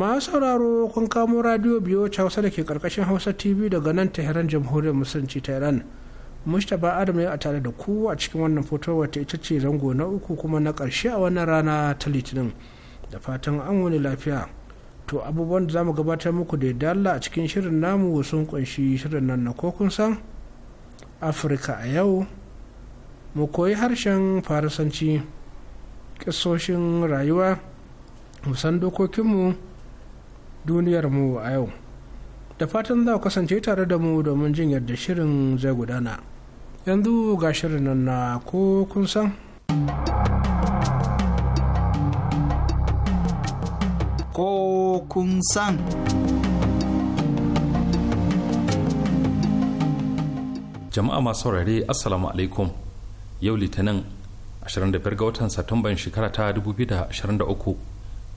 masu sauraro kun kamo radio biyo hausa da ke karkashin hausa tv daga nan tehran jamhuriyar musulunci ta iran mustapha adam ya a tare da ku a cikin wannan foto wata ita ce zango na uku kuma na karshe a wannan rana ta litinin da fatan an wani lafiya to abubuwan da zamu gabatar muku da dalla a cikin shirin namu sun kunshi shirin nan na kokun san afirka a yau mu koyi harshen farasanci kisoshin rayuwa musan dokokinmu duniyarmu a yau da fatan za ku kasance tare da mu domin jin yadda shirin zai gudana yanzu ga shirin nan na ko kun san ko kun san jama'a masu saurare assalamu alaikum yau litinin 25 ga watan satumban shekara ta 2023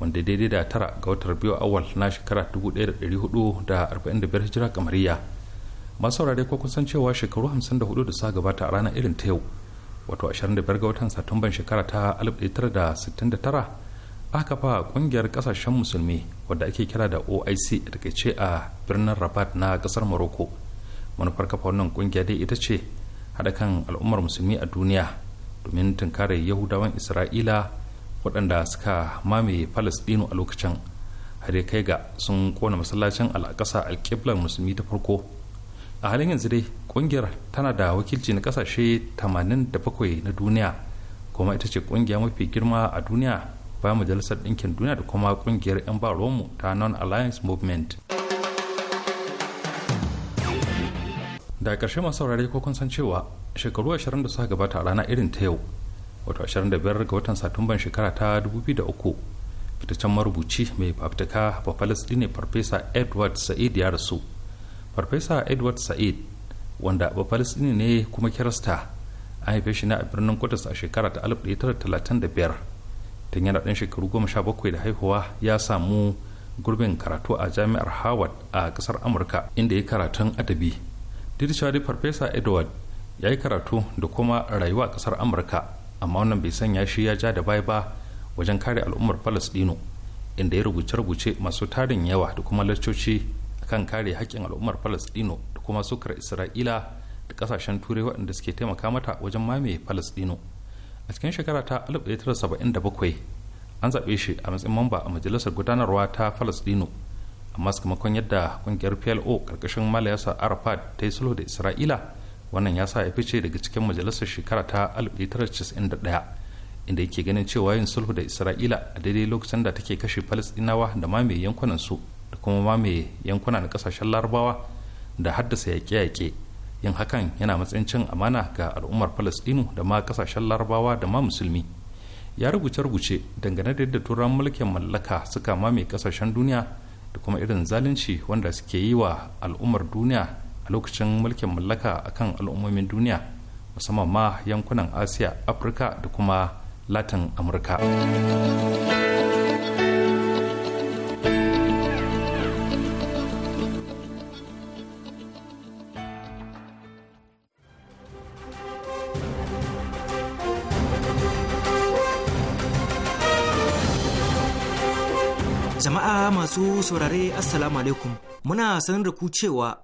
wanda daidai da tara ga watar biyu awal na shekara 1445 hijira kamariya masu saurare ko kusan cewa shekaru 54 da sa gabata a ranar irin ta yau wato 25 ga watan satumban shekara ta 1969 aka fa kungiyar kasashen musulmi wadda ake kira da oic da takaice a birnin rabat na kasar morocco manufar kafa wannan kungiya dai ita ce haɗa kan al'ummar musulmi a duniya domin tunkarar yahudawan isra'ila waɗanda suka mamaye palestino a lokacin har kai ga sun kona masallacin al'akasa alƙiblar musulmi ta farko a halin yanzu dai ƙungiyar tana da wakilci na ƙasashe 87 na duniya kuma ita ce ƙungiya mafi girma a duniya bayan majalisar ɗinkin duniya da kuma ƙungiyar 'yan ba ta non-alliance movement da ƙarshe masu saurare ko kun san cewa shekaru 20 da suka gabata a rana irin ta yau wato 25 ga watan satumban shekara ta 2003 fitaccen marubuci mai fafutuka ba palestine farfesa edward sa'id ya rasu farfesa edward sa'id wanda ba ne kuma kirista an haife shi ne a birnin kudus a shekara ta 1935 tun yana ɗan shekaru 17 da haihuwa ya samu gurbin karatu a jami'ar harvard a ƙasar amurka inda ya karatun adabi duk da farfesa edward ya yi karatu da kuma rayuwa a kasar amurka amma wannan bai sanya shi ya ja da baya ba wajen kare al'ummar palestino inda ya rubuce-rubuce masu tarin yawa da kuma laccoci kan kare haƙƙin al'ummar palestino da kuma sukar isra'ila da ƙasashen turai waɗanda suke taimaka mata wajen mamaye palestino a cikin shekara ta 1977 an zaɓe shi a matsayin mamba a majalisar gudanarwa ta palestino amma sakamakon yadda ƙungiyar plo ƙarƙashin malayasa arafat ta yi sulhu da isra'ila wannan ya sa ya fice daga cikin majalisar shekara ta 1991 inda yake ganin cewa yin sulhu da isra'ila a daidai lokacin da take kashe falastinawa da mamaye yankunan su da kuma mamaye yankuna na kasashen larabawa da haddasa yaƙe-yaƙe yin hakan yana matsayin cin amana ga al'ummar falisdinu da ma kasashen larabawa da ma musulmi ya rubuce-rubuce dangane da yadda turan mulkin mallaka suka mamaye kasashen duniya da kuma irin zalunci wanda suke yi wa al'ummar duniya a lokacin mulkin mallaka a kan al'ummomin duniya musamman ma yankunan asiya afirka da kuma latin amurka jama'a masu saurare assalamu alaikum muna sanar da ku cewa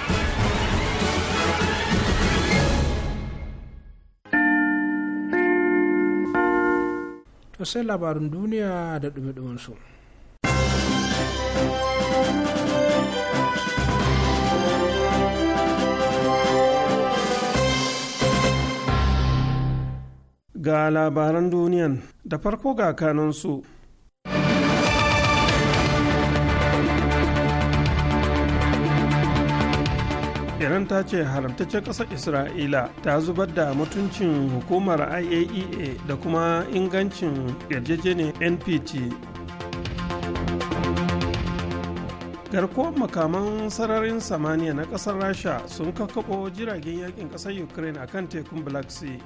to sai labarin duniya da dumi su. ga labaran duniyan da farko ga kanansu iran ta ce haramtaccen ƙasar isra'ila ta zubar da mutuncin hukumar iaea e da kuma ingancin yarjejeniyar npt garkuwar makaman sararin samaniya na ƙasar rasha sun kakkaɓo jiragen yakin ƙasar ukraine a kan tekun black sea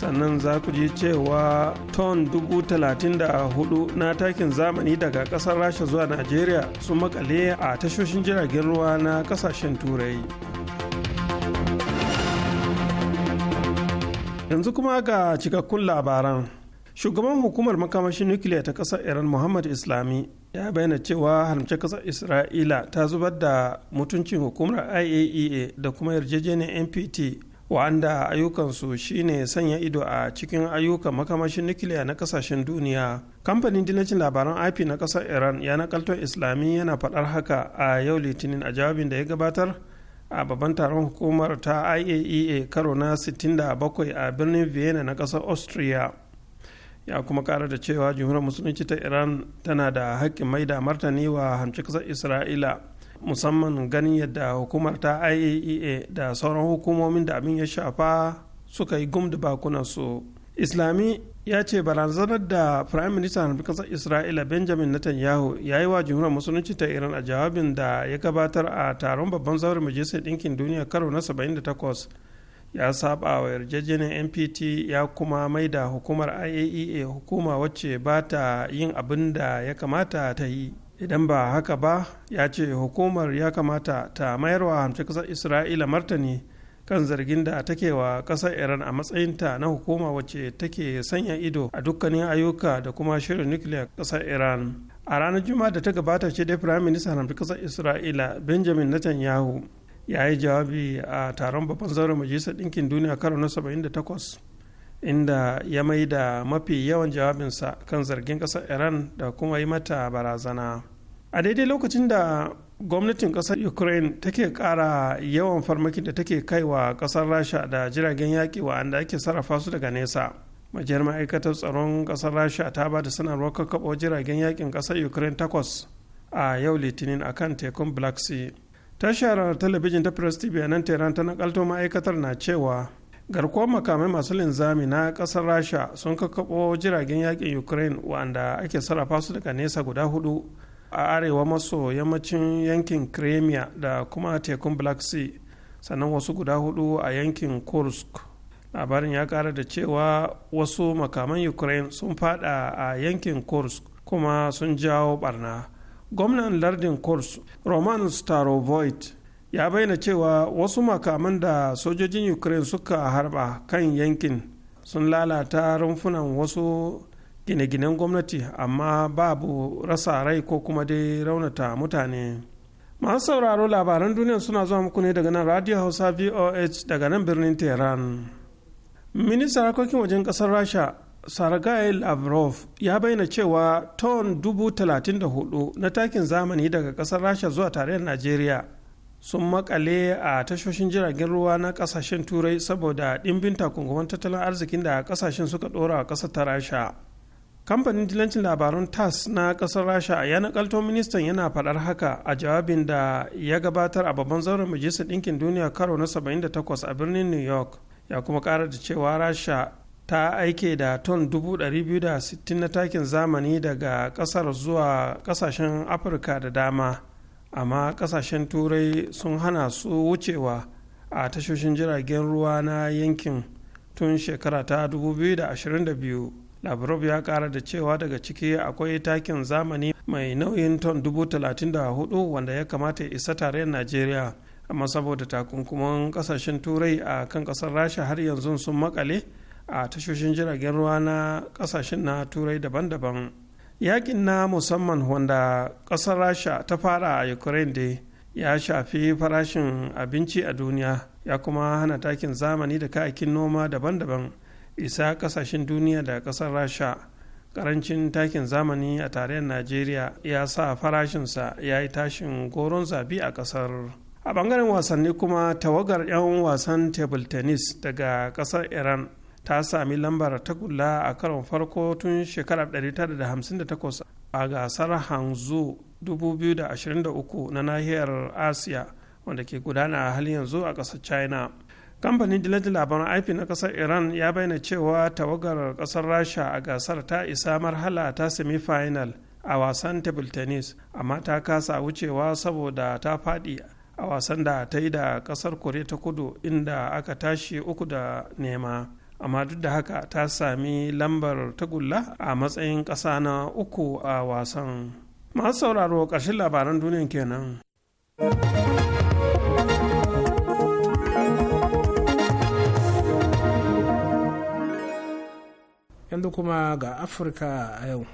sannan za ku ji cewa ton dubu talatin da hudu na takin zamani daga kasar rasha zuwa najeriya sun makale a tashoshin jiragen ruwa na kasashen turai yanzu kuma ga cikakkun labaran shugaban hukumar makamashin nukiliya ta kasar iran muhammad islami ya bayyana cewa haramce kasar isra'ila ta zubar da mutuncin hukumar iaea e da kuma yarjejeniyar npt wa'anda ayyukansu shine sanya ido a cikin ayyukan makamashin nukiliya na kasashen duniya kamfanin dinacin labaran ip na kasar iran ya nakalto islami yana faɗar haka a yau litinin a jawabin da ya gabatar a babban taron hukumar ta iaea e karo na 67 a birnin vienna na kasar austria ya kuma kara da cewa jimhuriyar musulunci ta iran tana da haƙƙin da martani wa hamci kasar isra'ila musamman ganin yadda hukumar ta iaea e da sauran hukumomin da abin ya shafa suka yi gum da bakunansu islami ya ce barazanar da prime minister na kasar isra'ila benjamin netanyahu ya yi wa jihunar musulunci ta iran a jawabin da ya gabatar a taron babban zaurin majalisar ɗinkin duniya karo na 78 ya saba wa yarjejeniyar npt ya kuma mai da hukumar iaea e hukuma wacce ba ta yin abin da ya kamata ta yi idan ba haka ba ya ce hukumar ya kamata ta mayar wa hamshe ƙasar isra'ila martani kan zargin da take wa ƙasar iran a matsayinta na hukuma wacce take sanya ido a dukkanin ayyuka da kuma shirin nukiliya ƙasar iran a ranar juma'a da ta gabata ce dai firayim minista hamshe ƙasar isra'ila benjamin netanyahu ya yi jawabi a taron babban zauren majalisar ɗinkin duniya karo na 78 inda ya mai da mafi yawan jawabinsa kan zargin ƙasar iran da kuma yi mata barazana a daidai lokacin da gwamnatin ƙasar ukraine take ƙara yawan farmakin da take kaiwa ƙasar rasha da jiragen yaƙi wa'anda ake sarrafa su daga nesa majiyar ma'aikatar tsaron kasar rasha ta ba da sanarwar kakkaɓo jiragen yakin ƙasar ukraine takwas a yau litinin a kan tekun black sea tashar talabijin ta press tv a nan tehran ta nakalto ma'aikatar na cewa garkuwar makamai masu linzami na kasar rasha sun kakkaɓo jiragen yakin ukraine wanda ake sarrafa su daga nesa guda hudu a arewa maso yammacin yankin crimea da kuma tekun black sea sannan wasu guda hudu a yankin kursk labarin ya kara da cewa wasu makaman ukraine sun fada a yankin kursk kuma sun jawo barna gwamnan lardin kursk roman starovoit ya bayyana cewa wasu makaman da sojojin ukraine suka harba kan yankin sun lalata rumfunan wasu gine-ginen gwamnati amma babu rasa rai ko kuma dai raunata mutane masu sauraro labaran duniya suna zuwa muku ne daga nan radio hausa voh daga nan birnin tehran ministan harkokin wajen kasar rasha sargai lavrov ya bayyana cewa ton dubu talatin da hudu na takin zamani daga kasar rasha zuwa tarayyar najeriya sun makale a tashoshin jiragen ruwa na kasashen turai saboda ɗimbin takunkuman tattalin arzikin da kasashen suka ɗora a ƙasar ta rasha kamfanin dilancin labarun tas na ƙasar rasha ya nakalto ministan yana faɗar haka a jawabin da ya gabatar a babban zauren majalisar ɗinkin duniya karo na 78 a birnin new york ya kuma ƙara da cewa rasha ta aike da ton 260 na takin zamani daga ƙasar zuwa ƙasashen afirka da dama amma kasashen turai sun hana su wucewa a tashoshin jiragen ruwa na yankin tun shekara ta 2022 labarov ya kara da cewa daga ciki akwai takin zamani mai nauyin ton 34,000 wanda ya kamata ya isa tarayyar najeriya amma saboda takunkuman kasashen turai a kan kasar rasha har yanzu sun makale a tashoshin jiragen ruwa na kasashen na turai daban-daban yakin na musamman wanda ƙasar rasha ta fara a ukraine dai ya shafi farashin abinci a duniya ya kuma hana takin zamani da kayakin noma daban-daban isa ƙasashen duniya da ƙasar rasha ƙarancin takin zamani a tarayyar najeriya ya sa farashinsa ya yi tashin goron zabi a ƙasar a bangaren wasanni kuma tawagar 'yan wasan table tennis daga ƙasar iran ta sami lambar tagulla a karon farko tun shekarar 1958 a gasar hanzu 2023 na nahiyar asiya wanda ke gudana a halin yanzu a ƙasar china kamfanin dilatin labaran ip na ƙasar iran ya bayyana cewa tawagar ƙasar rasha a gasar ta isa marhala ta semi-final a wasan table tennis amma ta kasa wucewa saboda ta faɗi a wasan da ta yi da ƙasar kore ta kudu inda aka tashi uku da nema amma duk da haka ta sami lambar tagulla a matsayin ƙasa na uku a wasan masu sauraro ƙarshen labaran duniya kenan yanzu kuma ga afirka a yau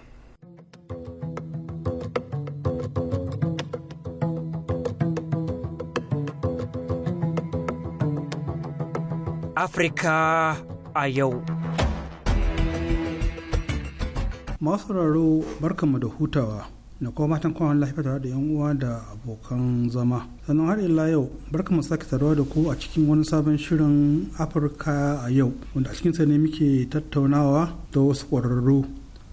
Afirka a yau. Masu raro barkanmu da hutawa na kuma matan kwanan lafiya tare da 'yan uwa da abokan zama. Sannan har ila yau barkanmu sake tarawa da ku a cikin wani sabon shirin Afirka a yau wanda a cikinsa ne muke tattaunawa da wasu ƙwararru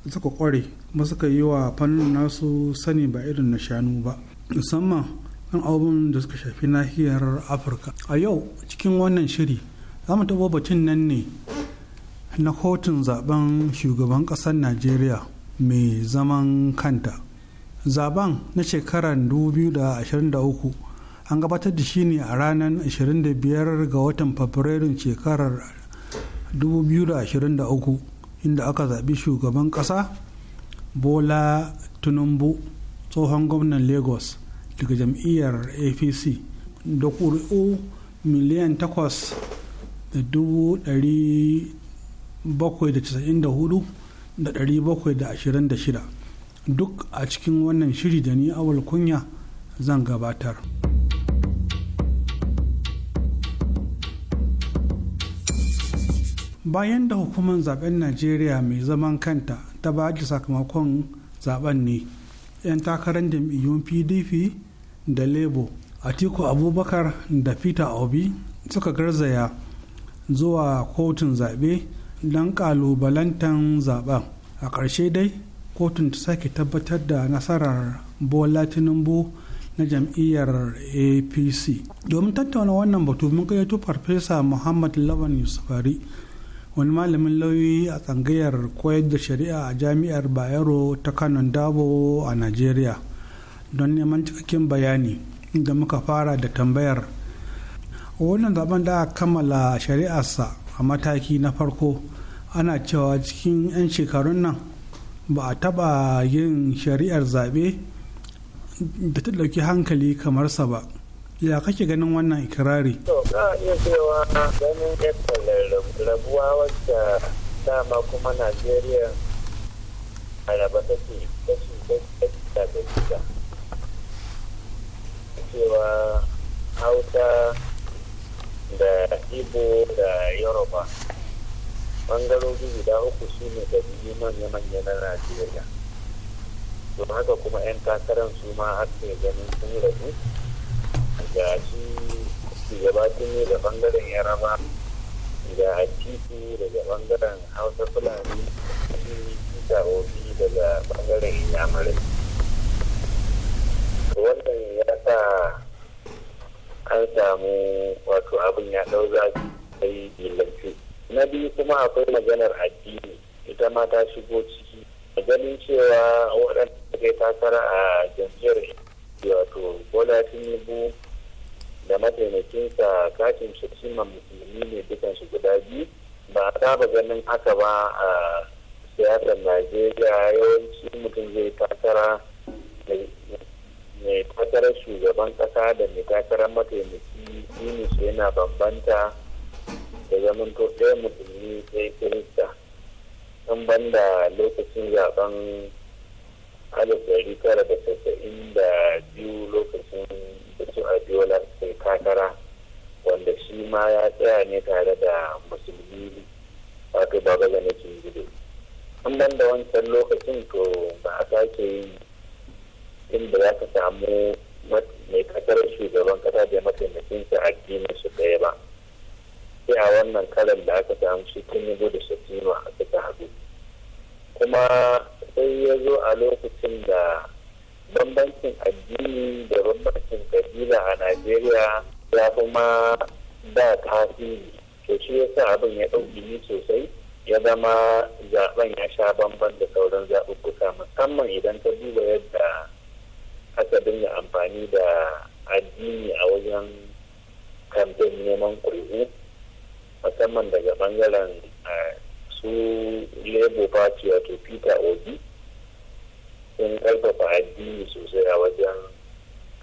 suka ƙware kuma suka yi wa fannin nasu sani ba irin na shanu ba musamman kan abubuwan da suka shafi nahiyar afirka a yau cikin wannan shiri za mu taɓa batun nan ne na kotun zaben shugaban ƙasar najeriya mai zaman kanta zaben na shekarar 2023 an gabatar da shi ne a ranar 25 ga watan fabrairun shekarar 2023 inda aka zaɓi shugaban ƙasa bola tinubu tsohon gwamnan lagos daga jam'iyyar apc da ƙuri'u miliyan 8 da shida duk a cikin wannan shiri da ni awal kunya zan gabatar. bayan da hukumar zaben najeriya mai zaman kanta ta ba da sakamakon zaben ne 'yan takarar jam'iyyun pdp da labour atiku abubakar da peter obi suka garzaya zuwa kotun zaɓe don kalubalantan zaben a ƙarshe dai kotun ta sake tabbatar da nasarar bola tinubu na jam'iyyar apc domin tattauna wannan batu mun gayyato farfesa muhammad lawan yusufari wani malamin lauyi a tsangayar koyar da shari'a a jami'ar bayero ta kano dabo a nigeria don neman cikakken bayani da muka fara da tambayar wannan zaben da aka kammala shari'arsa a mataki na farko ana cewa cikin 'yan shekarun nan ba a taɓa yin shari'ar zaɓe da ta ɗauki hankali kamar sa ba ya kake ganin wannan ikirari to ka iya cewa ganin yadda rabuwa wacce dama kuma najeriya a raba take kashi kashi da gida cewa hausa da igbo da yoruba bangarori guda uku su ne da biyu manya-manya na najeriya don haka kuma 'yan takarar su ma har ganin sun rabu ga shi shugabatin ne da bangaren yaraba da atiku daga bangaren hausa fulani da obi daga bangaren yamurai wannan ya sa an samu wato abin ya ɗau zafi sai lantarki na biyu kuma akwai maganar addini ita ma ta shigo ciki a ganin cewa waɗanda kai takara a jam'iyyar wato bola tinubu da mataimakinsa kashin shirshima musulmi ne dukan shi guda biyu ba a saba ganin haka ba a siyasar najeriya yawanci mutum zai takara mai takarar shugaban kasa da mai takarar mataimaki su yana bambanta da zaman to ɗaya musulmi sai kirista an banda lokacin zaben alif dari da tasa'in da biyu lokacin da su abiola sai takara wanda shi ma ya tsaya ne tare da musulmi wato baba da cin gudu an banda wancan lokacin to ba a sake yi inda za ka samu mai kasar shugaban kasa da mataimakinsa addinin su ɗaya ba sai a wannan kalan da aka samu shi tinubu da shatima a suka haɗu kuma sai ya zo a lokacin da bambancin addini da bambancin kabila a najeriya ya kuma da tasiri to shi ya sa abin ya ɗauki sosai ya zama zaben ya sha bamban da sauran zaɓuɓɓuka musamman idan ta duba yadda aka dinga amfani da addini a wajen kamfen neman ƙuri'u musamman daga bangaren eh, su labour party wato peter obi sun karfafa addini sosai a wajen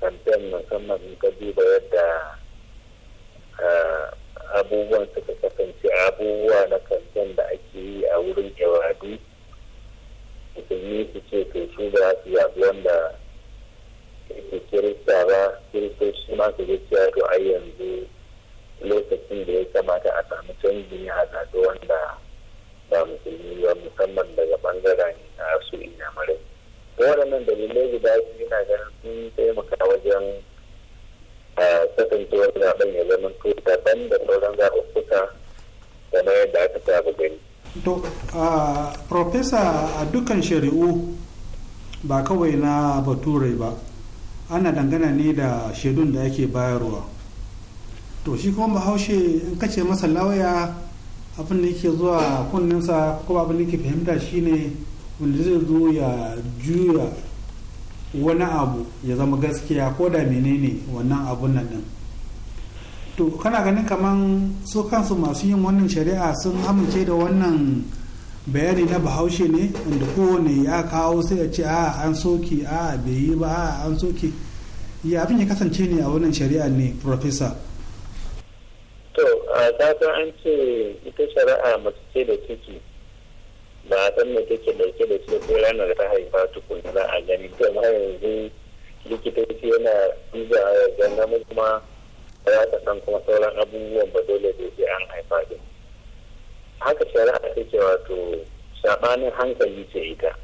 kamfen musamman in ka duba yadda eh, abubuwan suka kasance abubuwa na kamfen da ake yi a wurin yawadu musulmi su ce to su ba su yabi wanda ke kirista ba kirista su ma su ga cewa to ai yanzu lokacin da ya kamata a samu canji a haɗaɗu wanda ba musulmi ba musamman daga ɓangaren na su inyamurai waɗannan dalilai guda biyu na ganin sun taimaka wajen kasancewar zaɓen ya zama to daban da sauran zaɓuɓɓuka na yadda aka saba gani. to profesa a dukkan shari'u ba kawai na baturai ba ana dangana ne da shaidun da ake bayarwa to shi kuma bahaushe in kace masa lauya abin da yake zuwa kunninsa ko abin da yake fahimta shine wanda zai zo ya juya wani abu ya zama gaskiya ko da menene wannan abun nan din to kana ganin kamar su kansu masu yin wannan shari'a sun amince da wannan bayani na bahaushe ne inda kowane ya kawo sai ya ce a an soke a bai yi ba a an soke ya abin ya kasance ne a wannan shari'a ne professor ta san an ce ita shari'a masu ce da ciki ba a san me take dauke da ce ko ranar ta haifa tukun za a gani kuma yanzu likitoci yana duba ya ga namiji kuma za ta san kuma sauran abubuwan ba dole da ke an haifa din haka shari'a take wato sabanin hankali ce ita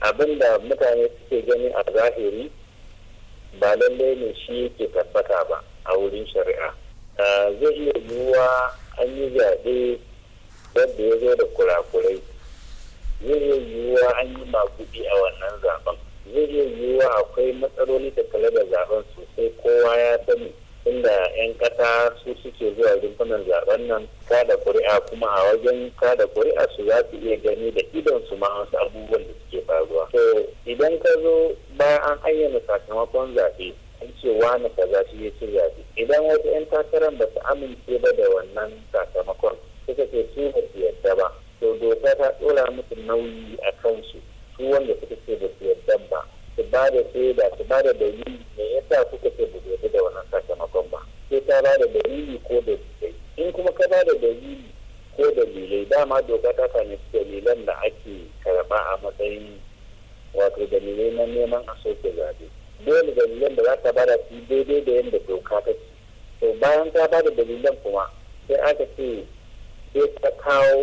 abinda mutane suke gani a zahiri ba lallai ne shi yake tabbata ba a wurin shari'a zai iya yiwuwa an yi zaɓe wadda ya zo da kurakurai zai iya yiwuwa an yi maguɗi a wannan zaɓen zai iya yiwuwa akwai matsaloli da kala da zaben sosai kowa ya sani inda 'yan ƙasa su suke zuwa rumfunan zaɓen nan kada ƙuri'a kuma a wajen kada ƙuri'a su za su iya gani da idon su ma wasu abubuwan da suke faruwa to idan ka zo bayan an ayyana sakamakon zaɓe an ce wani kaza shi ya ce zaɓe idan wasu 'yan takarar ba su amince ba da wannan sakamakon suka ce su ba su yarda ba to doka ta ɗora musu nauyi a kansu su wanda suka ce ba su yarda ba su ba da shaida su ba da dalili me yasa suka ce ba su yarda da wannan sakamakon ba sai ta ba da dalili ko da dalilai in kuma ka ba da dalili ko da dalilai dama doka ta sami dalilan da ake karɓa a matsayin wato dalilai na neman a soke zaɓe dole dalilan da za ka bada su daidai da yadda doka ta ce to bayan ta bada dalilan kuma sai aka ce sai ta kawo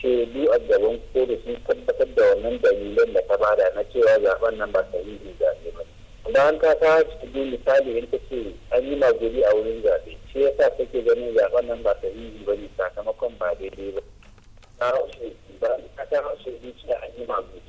shaidu a gaban da sun tabbatar da wannan dalilan da ta bada na cewa zaben nan ba ne zaɓe ba bayan ta kawo shaidu misali in ta ce an yi maguri a wurin zaɓe shi ta ke ganin zaben nan ba ne ba ne sakamakon ba daidai ba ta kawo shaidu ta kawo shaidu cewa an yi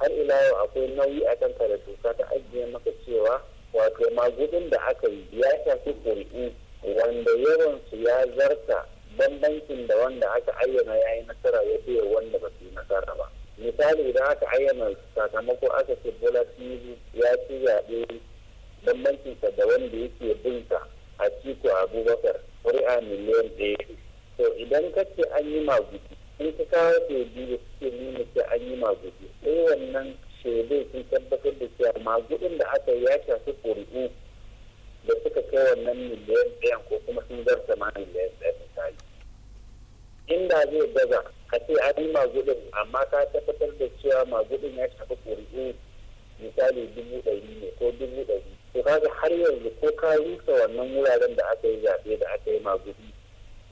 har ila yau akwai nauyi a kan da doka ta ajiye maka cewa wato magudin da aka yi ya shafi ƙuri'u wanda yawansu ya zarta bambancin da wanda aka ayyana ya yi nasara ya fiye wanda ba su yi nasara ba misali idan aka ayyana sakamako aka ce bola tinubu ya ci zaɓe bambancinsa da wanda yake sa a ciko abubakar ƙuri'a miliyan ɗaya to idan ka an yi magudi sai ta kawo shaidu da suke nuna ce an yi magudu sai wannan shaidai sun tabbatar da cewa magudun da aka ya shafi ƙuri'u da suka kai wannan miliyan ɗayan ko kuma sun zarta ma miliyan ɗaya misali inda zai gaza a ce an yi magudun amma ka tabbatar da cewa magudun ya shafi ƙuri'u misali dubu ɗari ne ko dubu ɗari to kaga har yanzu ko ka rusa wannan wuraren da aka yi zaɓe da aka yi magudi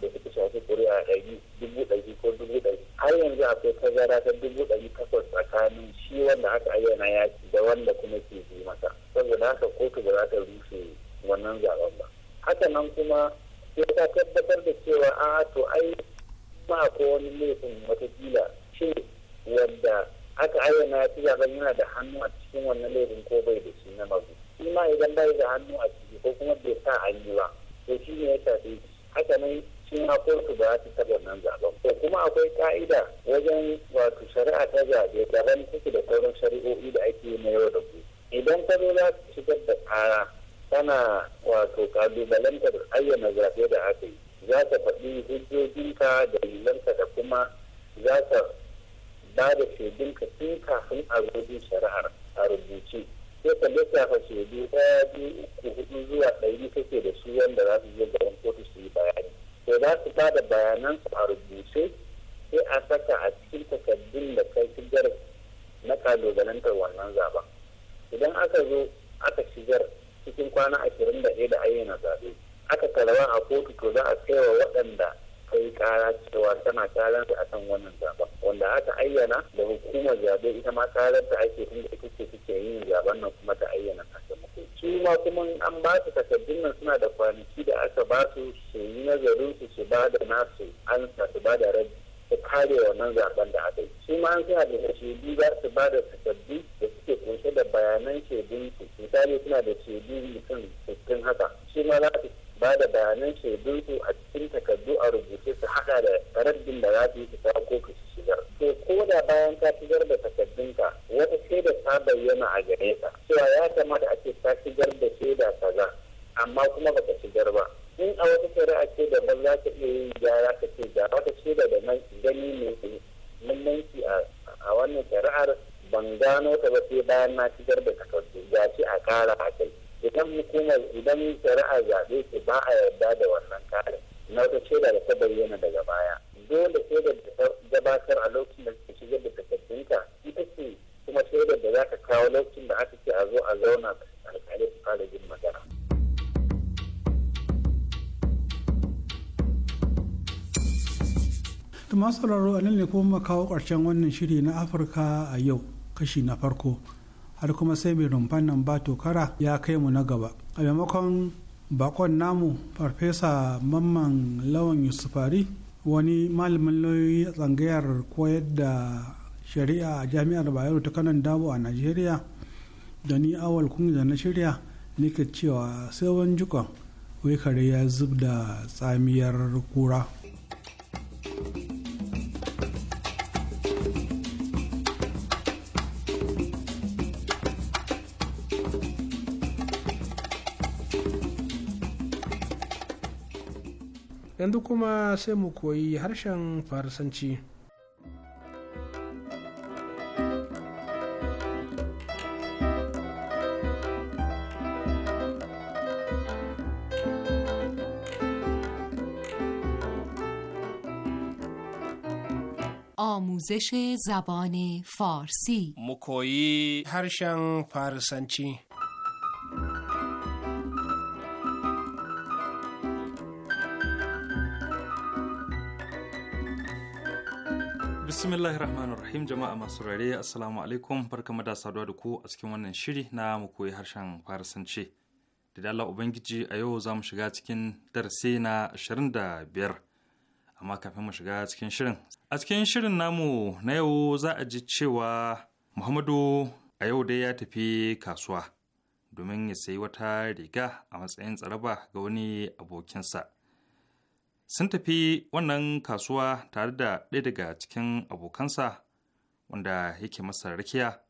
da suka shafi kuri'a ɗari dubu ɗari ko dubu ɗari har yanzu akwai tazara ta dubu ɗari takwas tsakanin shi wanda aka ayyana yaki da wanda kuma ke bi masa saboda haka kotu ba za ta rushe wannan zaben ba haka nan kuma sai ta tabbatar da cewa a to ai ba ko wani laifin watakila shi wanda aka ayyana ya ci zaben yana da hannu a cikin wannan laifin ko bai da shi na mazu shi ma idan bai da hannu a ciki ko kuma bai sa an yi ba to shi ne ya shafi haka nan suna kotu ba ta taɓa zaben to kuma akwai ka'ida wajen wato shari'a ta zaɓe daban take da sauran shari'o'i da ake yi na yau da gobe idan ka za ka shigar da kara tana wato da ayyana zaɓe da aka yi za ka faɗi hujjojinka da lilanka da kuma za ka ba da shaidunka tun kafin a rubutun shari'ar a rubuce sai ka fa shaidu ɗaya biyu uku hudu zuwa ɗari kake da su wanda za su je gaban kotu su yi bayani sai za su ba da bayanan su a rubuce sai a saka a cikin takardun da kai shigar na kalubalantar wannan zaben idan aka zo aka shigar cikin kwana ashirin da ɗaya da ayyana zaɓe aka tarawa a kotu to za a kaiwa waɗanda kai kara cewa tana karar a kan wannan zaben wanda aka ayyana da hukumar zaɓe ita ma karar da ake tun da ita ce suke yin zaɓen nan kuma ta ayyana kasar su ma kuma an ba su takardun nan suna da kwanaki da aka ba su su yi nazarin su su ba da nasu an su ba da rabi su kare wannan zaben da aka yi su ma an suna da shaidu za su ba da takardu da suke kunshe da bayanan shaidun su misali suna da shaidu mutum sittin haka su ma za su ba da bayanan shaidunsu a cikin takardu a rubuce su haɗa da raddin da za su yi su ko ka shigar. To ko da bayan ka shigar da takardunka wata shaida ta bayyana a gare ka cewa ya kamata a ce ka shigar da shaida kaza amma kuma ba ka shigar ba. In a wata shari'a ce da ban za ka iya yin gyara ka ce ga wata shaida da nan gani ne muhimmanci a wannan shari'ar ban gano ta ba sai bayan na shigar da takardu ya ce a kara a kai. idan hukumar idan shari'a zaɓe ce ba a yarda da wannan kare na wata shaida da ta bayyana daga baya dole shaidar da ta gabatar a lokacin da suka shigar da takardunka ita ce kuma shaidar da za ka kawo lokacin da aka ce a zo a zauna da alƙalai su fara jin magana. masu sauraro a nan ne kuma kawo ƙarshen wannan shiri na afirka a yau kashi na farko har kuma sai mai rumfan nan ba tokara ya kai mu na gaba a maimakon bakon namu farfesa mamman lawan yusufari wani malamin lauyoyi a tsangayar koyar da shari'a a jami'ar bayero ta kanan dabo a nigeria da ni awal kun da na shirya nake cewa sai wani jikon wai kare ya zub da tsamiyar kura yanzu kuma sai mu koyi harshen farsanci آموزش زبان فارسی مکویی هرشن فارسنچی bismillahir rahmanir rahim jama'a masu rare assalamu alaikum barkamu da saduwa da ku a cikin wannan shiri na mu koyi harshen farisanci da dalla ubangiji a yau za mu shiga cikin darasi na 25 amma kafin mu shiga cikin shirin a cikin shirin namu na yau za a ji cewa muhammadu a yau dai ya tafi kasuwa domin ya sayi wata riga a matsayin tsaraba ga wani abokinsa sun tafi wannan kasuwa tare da ɗaya daga cikin abokansa wanda yake masa rakiya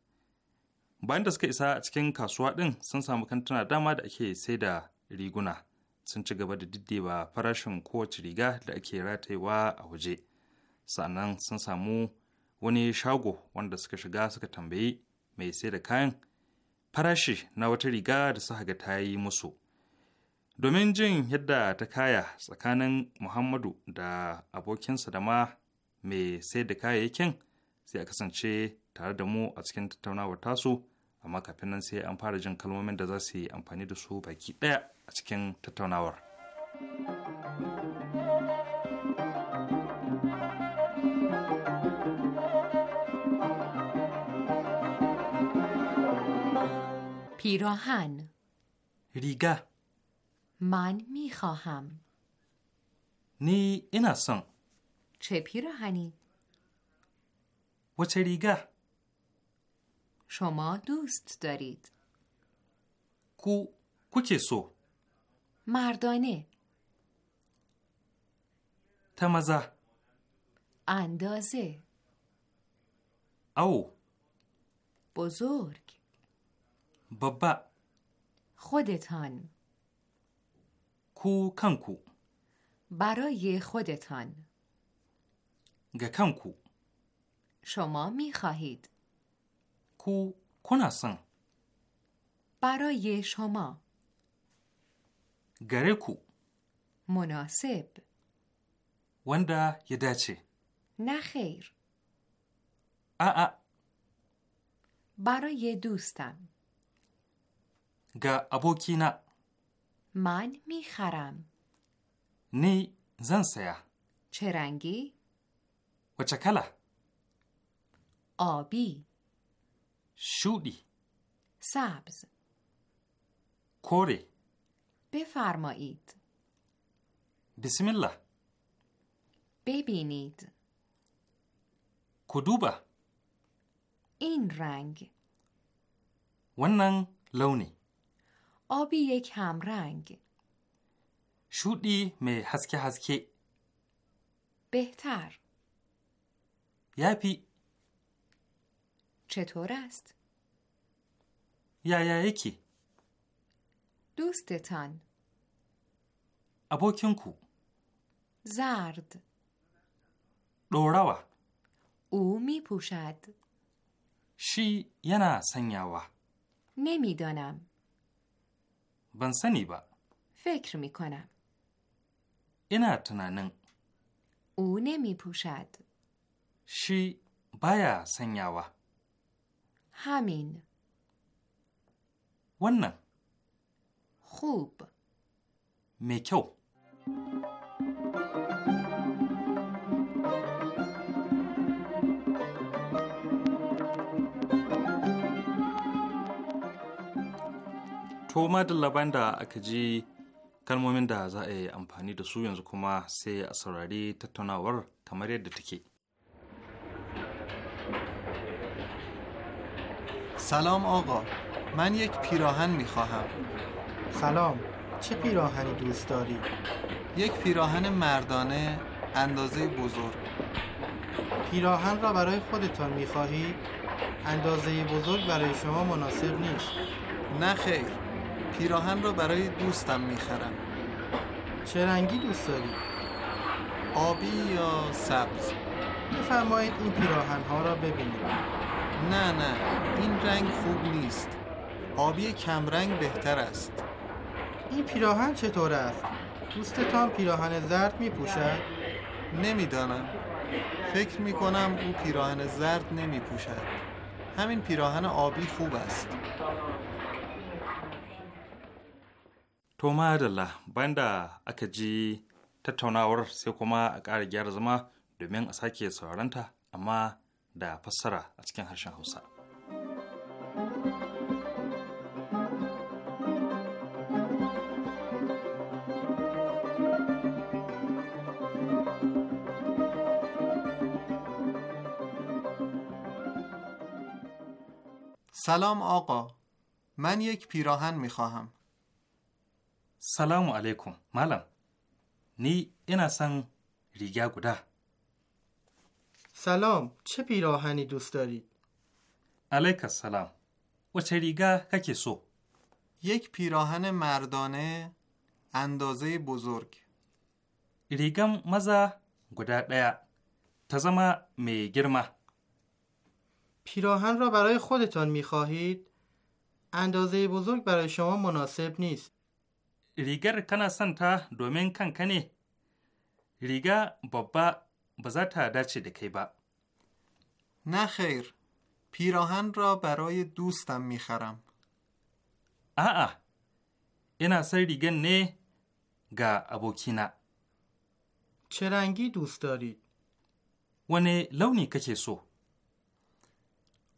bayan da suka isa a cikin kasuwa ɗin sun samu kantuna dama da ake sai da riguna sun ci gaba da diddeba farashin kowace riga da ake ratayewa a waje sannan sun samu wani shago wanda suka shiga suka tambayi mai sai da kayan farashi na wata riga da suka ga ta yi musu domin jin yadda ta kaya tsakanin muhammadu da abokinsa da ma mai sai da kayayyakin sai a kasance tare da mu a cikin tattaunawar tasu amma kafin nan sai an fara jin kalmomin da za su yi amfani da su baki ɗaya a cikin tattaunawar. پیراهن ریگه من می خواهم نی اینا چه پیراهنی؟ و چه دیگه؟ شما دوست دارید کو کو سو؟ مردانه تمزه اندازه او بزرگ بابا خودتان کو کنکو برای خودتان کن شما می خواهید کو کناسن برای شما گره کو مناسب وندا یه داچه نه خیر برای دوستم گا ابوکینا. من میخرم نی زن سیا چه رنگی؟ و آبی شودی سبز کوری بفرمایید بسم الله ببینید کدوبه این رنگ ونن لونی آبی یک همرنگ شودی می هسکه هسکه بهتر یپی چطور است؟ یا یا یکی دوستتان ابوکینکو زرد دوراوا او می پوشد شی ینا سنیاوا نمیدانم ban sani ba. Fikir mi Ina tunanin. Une mi pushad. Shi baya sanyawa. Hamin. Wannan. Hub. Me kyau. Thank you. To madalla banda aka ji kalmomin da za a yi amfani da su yanzu kuma sai a سلام آقا من یک پیراهن میخواهم سلام چه پیراهنی دوست داری؟ یک پیراهن مردانه اندازه بزرگ پیراهن را برای خودتان میخواهی؟ اندازه بزرگ برای شما مناسب نیست نه خیر پیراهن را برای دوستم میخرم چه رنگی دوست داری؟ آبی یا سبز میفرمایید این پیراهن ها را ببینید نه نه این رنگ خوب نیست آبی کمرنگ بهتر است این پیراهن چطور است؟ دوستتان پیراهن زرد می پوشد؟ نمیدانم فکر می کنم او پیراهن زرد نمی همین پیراهن آبی خوب است To madalla banda aka ji tattaunawar sai kuma a ƙara gyara zama domin a sake sauranta amma da fassara a cikin harshen Hausa. سلام آقا من یک پیراهن می خواهم سلام علیکم ملم نی انا سن ریگه گوده سلام چه پیراهنی دوست دارید؟ علیک سلام و چه ریگه ککی سو؟ یک پیراهن مردانه اندازه بزرگ ریگم مزه گوده دیا تزما می گرمه پیراهن را برای خودتان می خواهید؟ اندازه بزرگ برای شما مناسب نیست. rigar kana ta domin kanka ne riga babba ba za ta dace da kai ba na khair pirahan a'a ina san rigan ne ga abokina ce wani launi kake so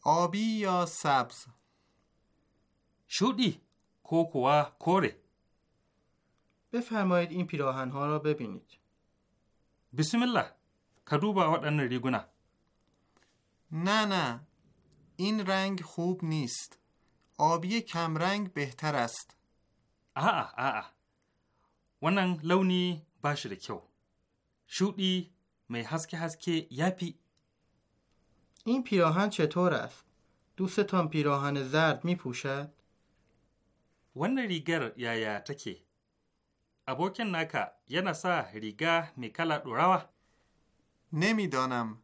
abi ya sabs ko kuwa kore بفرمایید این پیراهن ها را ببینید. بسم الله. کدوبا وطن ریگونا. نه نه. این رنگ خوب نیست. آبی کمرنگ بهتر است. آه آه ونن لونی باشد کیو شودی می هسکه هسکه یاپی این پیراهن چطور است؟ دوستتان پیراهن زرد می پوشد؟ ریگر یا یا تکی abokin naka yana sa riga mai kala ɗorawa? نمیدانم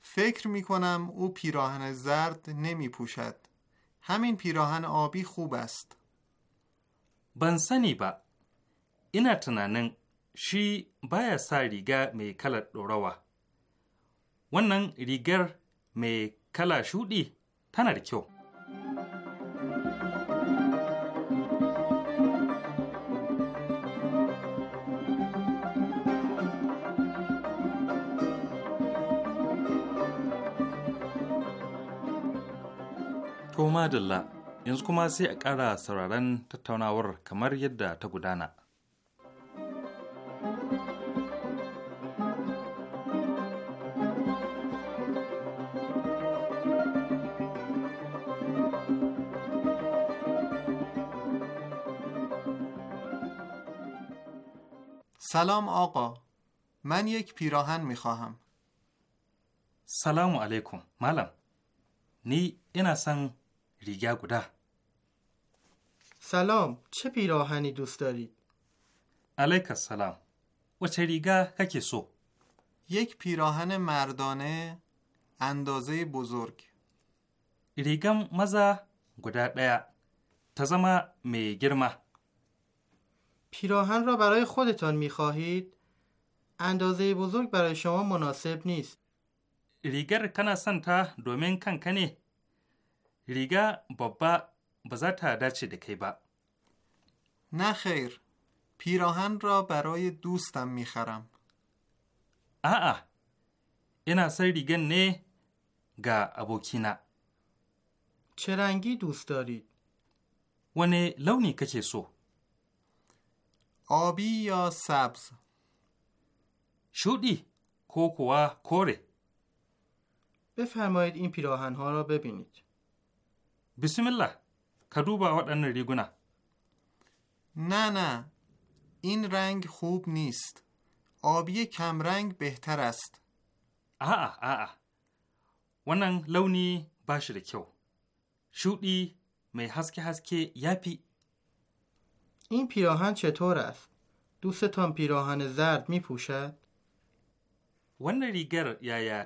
فکر می کنم او پیراهن زرد نمی پوشد همین پیراهن آبی خوب است ban sani ba ina tunanin shi baya sa riga mai kala ɗorawa wannan rigar mai kala shuɗi tana da kyau To Dalla yanzu kuma sai a ƙara sauraron tattaunawar kamar yadda ta gudana. سلام آقا من یک پیراهن می خواهم سلام علیکم مالم نی اینا سن ریگه سلام چه پیراهنی دوست دارید؟ علیک السلام و چه ریگا هکی سو؟ یک پیراهن مردانه اندازه بزرگ ریگم مزا گوده ده تزما می گرمه پیراهن را برای خودتان می خواهید؟ اندازه بزرگ برای شما مناسب نیست. ریگر کنا سنتا دومین کنی؟ ریگه بابا بزرگ دچه که با نه خیر پیراهن را برای دوستم میخرم آه این سر ریگه نه گا ابوکینا چه رنگی دوست دارید؟ نه لونی کچه سو آبی یا سبز شودی کوکوه کوره بفرمایید این پیراهن ها را ببینید بسم الله، که رو ریگونه؟ نه نه، این رنگ خوب نیست. آبی کم رنگ بهتر است. آه آه آه آه، وننگ لونی باشه رکیو. شوطی میه هزک یپی. این پیراهن چطور است؟ دوستان پیراهن زرد میپوشد؟ ون ریگر یا یا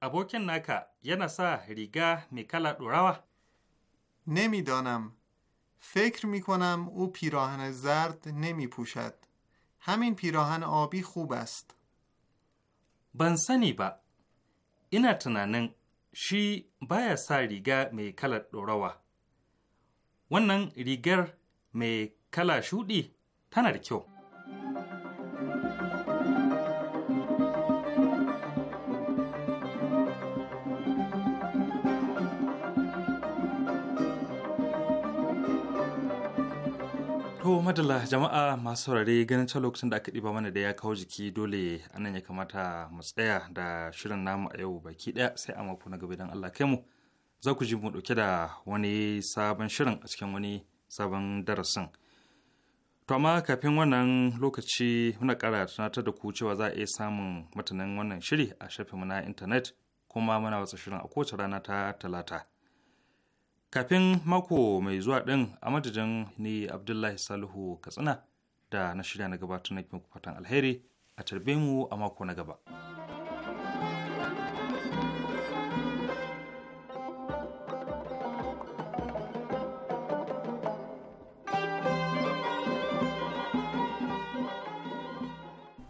abokin naka yana sa riga mai kala ɗorawa? نمیدانم فکر می کنم او پیراهن زرد نمی پوشد همین پیراهن آبی خوب است ban sani ba, ina tunanin shi baya sa riga mai kala ɗorawa. Wannan rigar mai kala shuɗi tana da kyau. madalla jama'a masu saurare ganin can lokacin da aka ɗiba mana da ya kawo jiki dole anan ya kamata mu tsaya da shirin namu a yau baki ɗaya sai a mako na gaba idan Allah kai mu za ku ji mu ɗauke da wani sabon shirin a cikin wani sabon darasin. To amma kafin wannan lokaci muna ƙara tunatar da ku cewa za a iya samun matanin wannan shiri a shafinmu na intanet kuma muna watsa shirin a kowace rana ta talata. kafin mako mai zuwa ɗin a madadin ni abdullahi salihu katsina da na shirya na gabatar na kuma fatan alheri a tarbe mu a mako na gaba.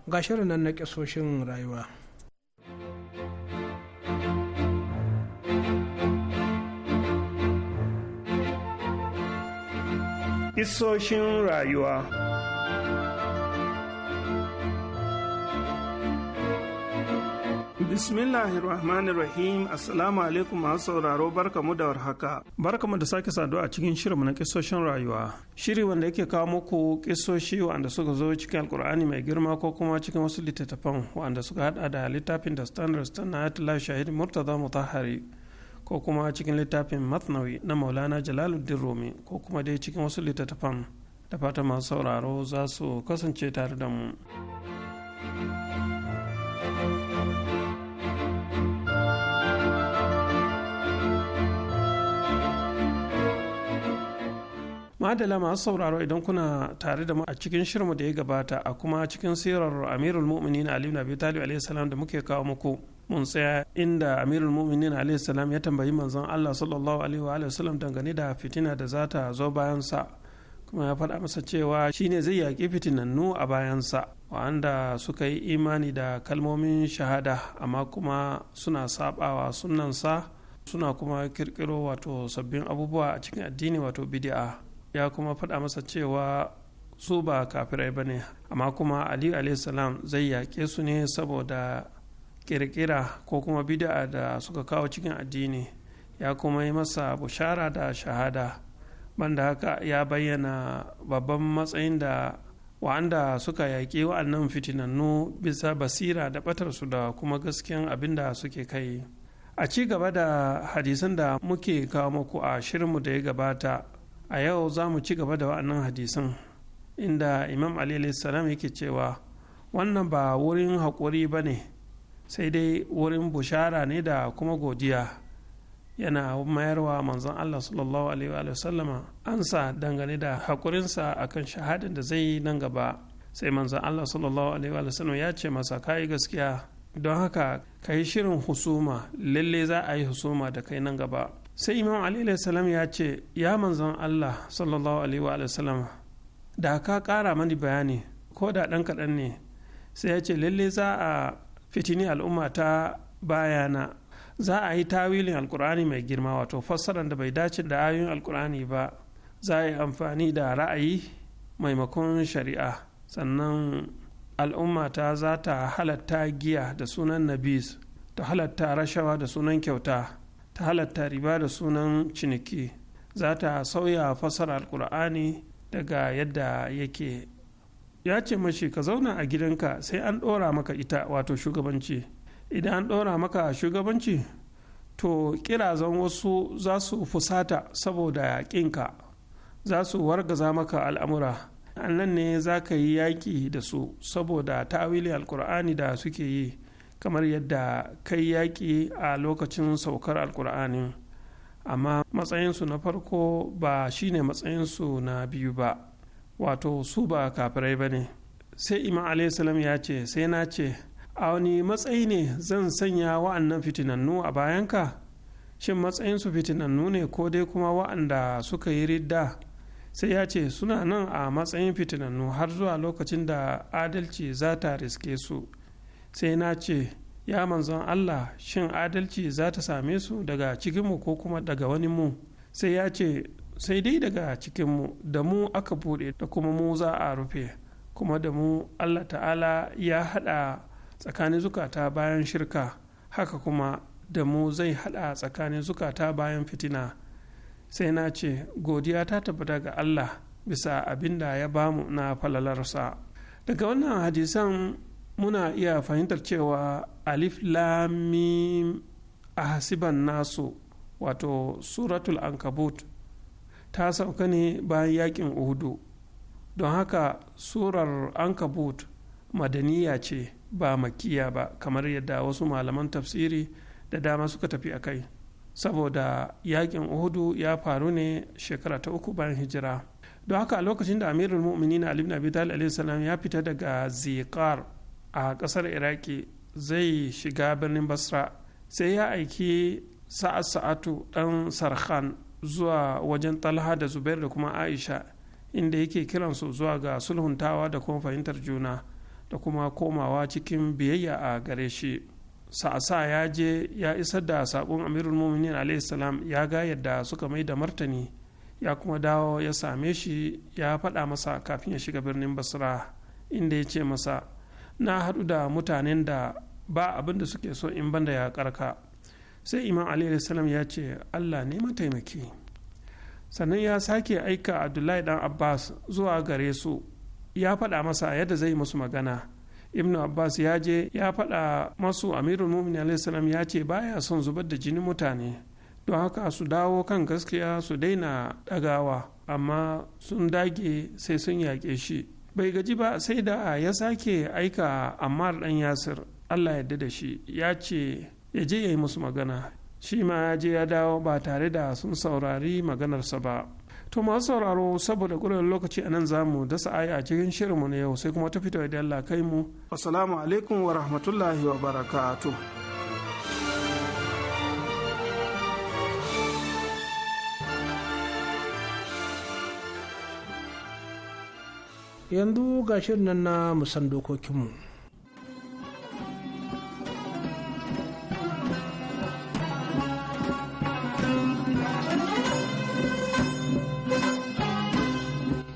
ga shirin nan na kisoshin rayuwa. Isoshin rayuwa Bismillahirrahmanirrahim Assalamu alaikum masu sauraro barkamu da warhaka. Barkamu da sake saduwa a cikin shirinmu na kisoshin rayuwa. Shiri wanda yake kawo muku kisoshi wanda suka zo cikin alkur'ani mai girma ko kuma cikin wasu littattafan wanda suka hada da littafin da standards ta na Ayatollah Shahid Murtaza Mutahari. ko kuma cikin littafin matnawi na maulana jalaluddin rumi ko kuma dai cikin wasu littattafan da fata masu sauraro za su kasance tare da mu madala masu sauraro idan kuna tare da mu a cikin shirmu da ya gabata a kuma cikin sirar amirul mu'minin na nabi talib alaihi da muke kawo muku mun tsaya inda amirul mu'minin alaihi ya tambayi manzon Allah sallallahu alaihi wa sallam dangane da fitina da za ta zo bayansa kuma ya faɗa masa cewa shi ne zai yaƙi fitinannu a bayansa wanda suka yi imani da kalmomin shahada amma kuma suna sabawa sunansa suna kuma kirkiro wato sabbin abubuwa a cikin addini wato bidi'a ya kuma faɗa masa cewa su ba kafirai ba ne amma kuma aliyu salam zai yaƙe su ne saboda kirkira ko kuma bid'a da suka kawo cikin addini ya kuma yi masa bushara da shahada banda haka ya bayyana babban matsayin da wa'anda suka yaƙi wa'annan fitinannu bisa basira da batarsu da kuma gaskiyan abin da suke kai a ci gaba da hadisan da muke kawo muku a shirinmu da ya gabata a yau za mu ci gaba da wa'annan hadisan inda imam ali salam yake cewa wannan ba wurin haƙuri ba ne sai dai wurin bushara ne da kuma godiya yana mayarwa manzon Allah sallallahu alaihi wa sallama ansa dangane da hakurinsa akan shahadin da zai yi nan gaba sai manzon Allah sallallahu alaihi wa sallama ya ce masa kai gaskiya don haka ka yi shirin husuma lalle za a yi husuma da kai nan gaba sai imam ali salam ya ce ya manzon Allah sallallahu alaihi wa sallama da ka kara mani bayani ko da dan kaɗan ne sai ya ce lalle za a fitini al'umma ta bayana za a yi tawilin alkur'ani mai girma wato fassara da bai dace da ayoyin alkur'ani ba za a yi amfani da ra'ayi maimakon shari'a sannan al'ummata ta za ta halatta giya da sunan nabis ta halatta rashawa da sunan kyauta ta halatta riba da sunan ciniki za ta sauya fassarar alkur'ani daga yadda yake ya ce mashi ka zauna a gidanka sai an ɗora maka ita wato shugabanci idan an ɗora maka shugabanci to kirazan wasu za su fusata saboda yaƙinka za su wargaza maka al'amura nan ne za ka yi yaƙi da su saboda ta'awili alkur'ani da suke yi kamar yadda kai yaƙi a lokacin saukar alkur'ani amma matsayinsu na farko ba shine matsayinsu na biyu ba wato su ba kafirai ba ne sai imam alaihissalam ya ce sai na ce a wani matsayi ne zan sanya wa'annan fitinannu a bayanka shin matsayinsu fitinannu ne ko dai kuma wa'anda suka yi ridda sai ya ce suna nan a matsayin fitinannu har zuwa lokacin da adalci za ta riske su sai na ce ya manzon allah shin adalci za ta same su daga cikinmu ko kuma daga wani mu sai ya ce sai dai daga cikinmu da mu aka buɗe da kuma mu za a rufe kuma da mu allah ta'ala ya haɗa tsakanin zukata bayan shirka haka kuma da mu zai haɗa tsakanin zukata bayan fitina sai na ce godiya ta tabbata ga allah bisa abin da ya bamu na falalarsa daga wannan hadisan muna iya fahimtar cewa alif lamim a hasiban nasu wato suratul ankabut ta sauka ne bayan yakin uhudu don haka surar ankabut madaniya ce ba makiya ba kamar yadda wasu malaman tafsiri da dama suka tafi a kai saboda yakin uhudu ya faru ne shekara ta uku bayan hijira don haka a lokacin da amirul mu'minin ali ibn abi talib ya fita daga zikar a kasar iraki zai shiga birnin basra sai ya aiki sa'ad sa'atu dan sarhan zuwa wajen talha da zubair da kuma aisha inda yake kiransu zuwa ga sulhuntawa da kuma fahimtar juna da kuma komawa cikin biyayya a gare shi sa'asa ya je ya isar da saƙon amirul muminin alaihissalam ya ga yadda suka mai da martani ya kuma dawo ya same shi ya faɗa masa kafin ya shiga birnin basra inda ya ce masa na haɗu da mutanen da ba abin da suke so in banda ya karka sai imam ali salam ya ce allah ne mataimaki sannan ya sake aika abdullahi dan abbas zuwa gare su ya faɗa masa yadda zai masu magana ibnu abbas ya je ya faɗa masu amirul mumin salam ya ce baya son zubar da jinin mutane don haka su dawo kan gaskiya su daina ɗagawa amma sun dage sai sun yaƙe shi bai gaji ba sai da ya sake aika ammar dan yasir allah yadda da shi ya ce ya je ya yi musu magana shi ma ya je ya dawo ba tare da sun saurari maganarsa ba to masu sauraro saboda ƙurar lokaci a nan za mu dasa aya a cikin shirinmu na yau sai kuma ta fito da Allah kai mu assalamu alaikum wa rahmatullahi wa barakatu. yanzu ga shirin nan na musan dokokinmu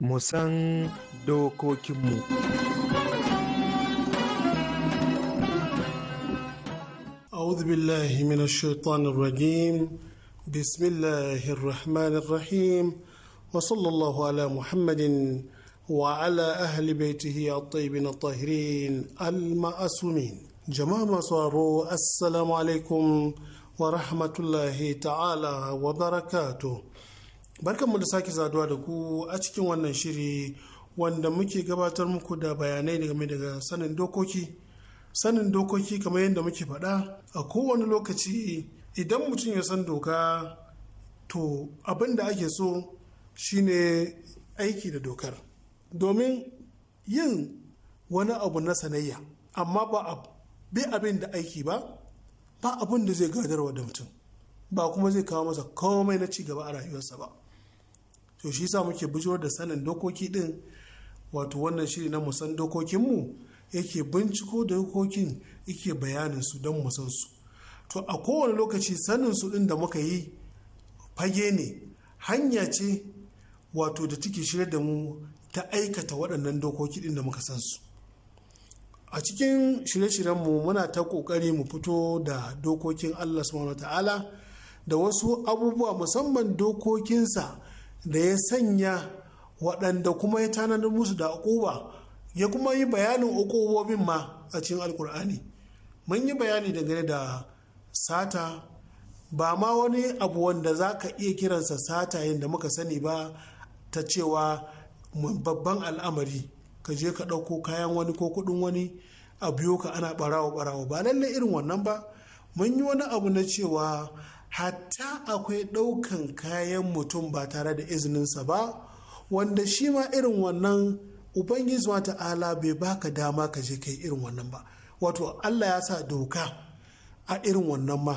mu san dokokinmu أعوذ بالله من الشيطان الرجيم بسم الله الرحمن الرحيم وصلى الله على محمد وعلى أهل بيته الطيبين الطاهرين المأسومين جماعة مصارو السلام عليكم ورحمة الله تعالى وبركاته barkanmu da sake saduwa da ku a cikin wannan shiri wanda muke gabatar muku da bayanai mai daga sanin dokoki sanin dokoki kamar yadda muke faɗa a kowane lokaci idan mutum ya san doka to abin da ake so shine aiki da dokar domin yin wani abu na sanayya amma ba a bi abin da aiki ba ba abin da zai gadarwa da mutum ba kuma zai kawo masa komai na ci gaba a rayuwarsa ba to shi sa muke bijiro da sanin dokoki din wato wannan shiri na musan dokokinmu yake binciko da dokokin yake bayanin su don musan su to a kowane lokaci sanin su din da muka yi fage ne hanya ce wato da take shirya da mu ta aikata waɗannan dokoki din da muka san su a cikin shirye-shiryenmu muna ta ƙoƙari mu fito da dokokin allah subhanahu ta'ala da wasu abubuwa musamman dokokinsa da ya sanya waɗanda kuma ya tanadar musu da uquba ya kuma yi bayanin uqubobin ma a cikin alkur'ani mun yi bayani dangane da sata ba ma wani abu wanda za ka iya kiransa sata yadda muka sani ba ta cewa babban al'amari ka je ka ɗauko kayan wani ko kuɗin wani a biyo ka ana ɓarawa ɓarawa ba lallai irin wannan ba mun yi wani abu na cewa hatta akwai ɗaukan kayan mutum ba tare da izininsa ba wanda shi ma irin wannan ubangiji wa ta'ala bai baka dama ka je kai irin wannan ba wato allah ya sa doka a irin wannan ma